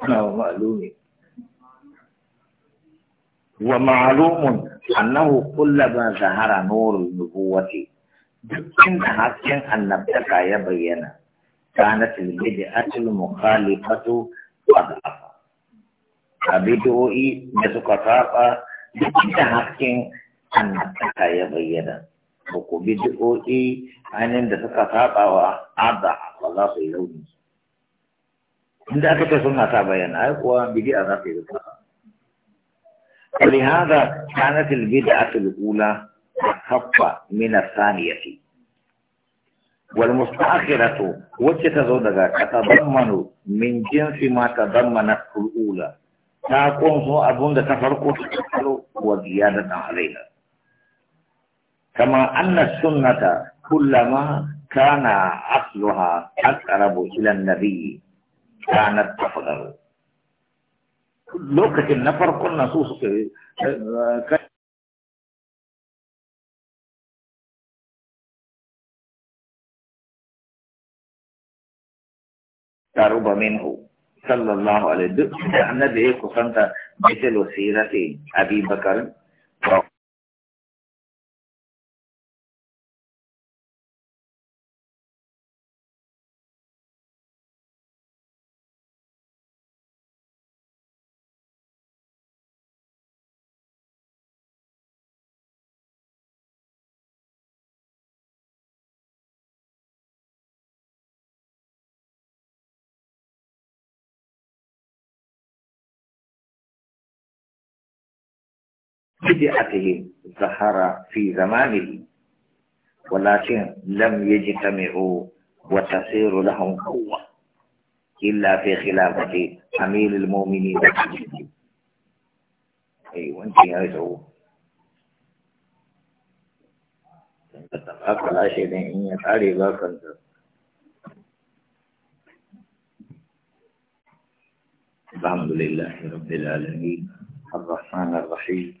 ana wa ma'alumi wa ma'alumun annahu kullama zahara nurul nubuwati duk inda hasken annabtaka ya bayyana kanat al-bid'atul mukhalifatu qad afa abidoi da suka saba duk inda hasken annabtaka ya bayyana Buku bid'o'i ainihin da suka saba wa adha ba za su yi launi عندك aka ce suna ta bayyana ai ولهذا كانت البدعة الأولى أخف من الثانية والمستأخرة وتتزودها تتضمن من جنس ما تضمنته الأولى تكون سوء أبون تفرق وزيادة عليها كما أن السنة كلما كان أصلها أقرب إلى النبي كانت تفضل لوكة النفر كنا سوسك قرب منه صلى الله عليه وسلم النبي كفنت مثل سيرة أبي بكر بدعته ظهر في زمانه ولكن لم يجتمعوا وتصير لهم قوة إلا في خلافة أمير المؤمنين أيوة أنت يا يسعود إن الحمد لله رب العالمين الرحمن الرحيم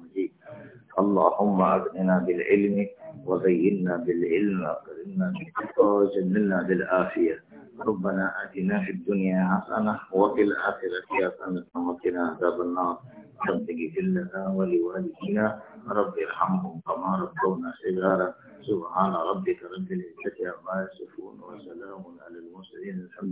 اللهم أغننا بالعلم وزينا بالعلم وأكرمنا وجملنا بالعافية ربنا آتنا في الدنيا حسنة وفي الآخرة حسنة وقنا عذاب النار رب اغفر لنا ولوالدينا رب ارحمهم كما ربونا صغارا سبحان ربك رب العزة عما يصفون وسلام على المرسلين الحمد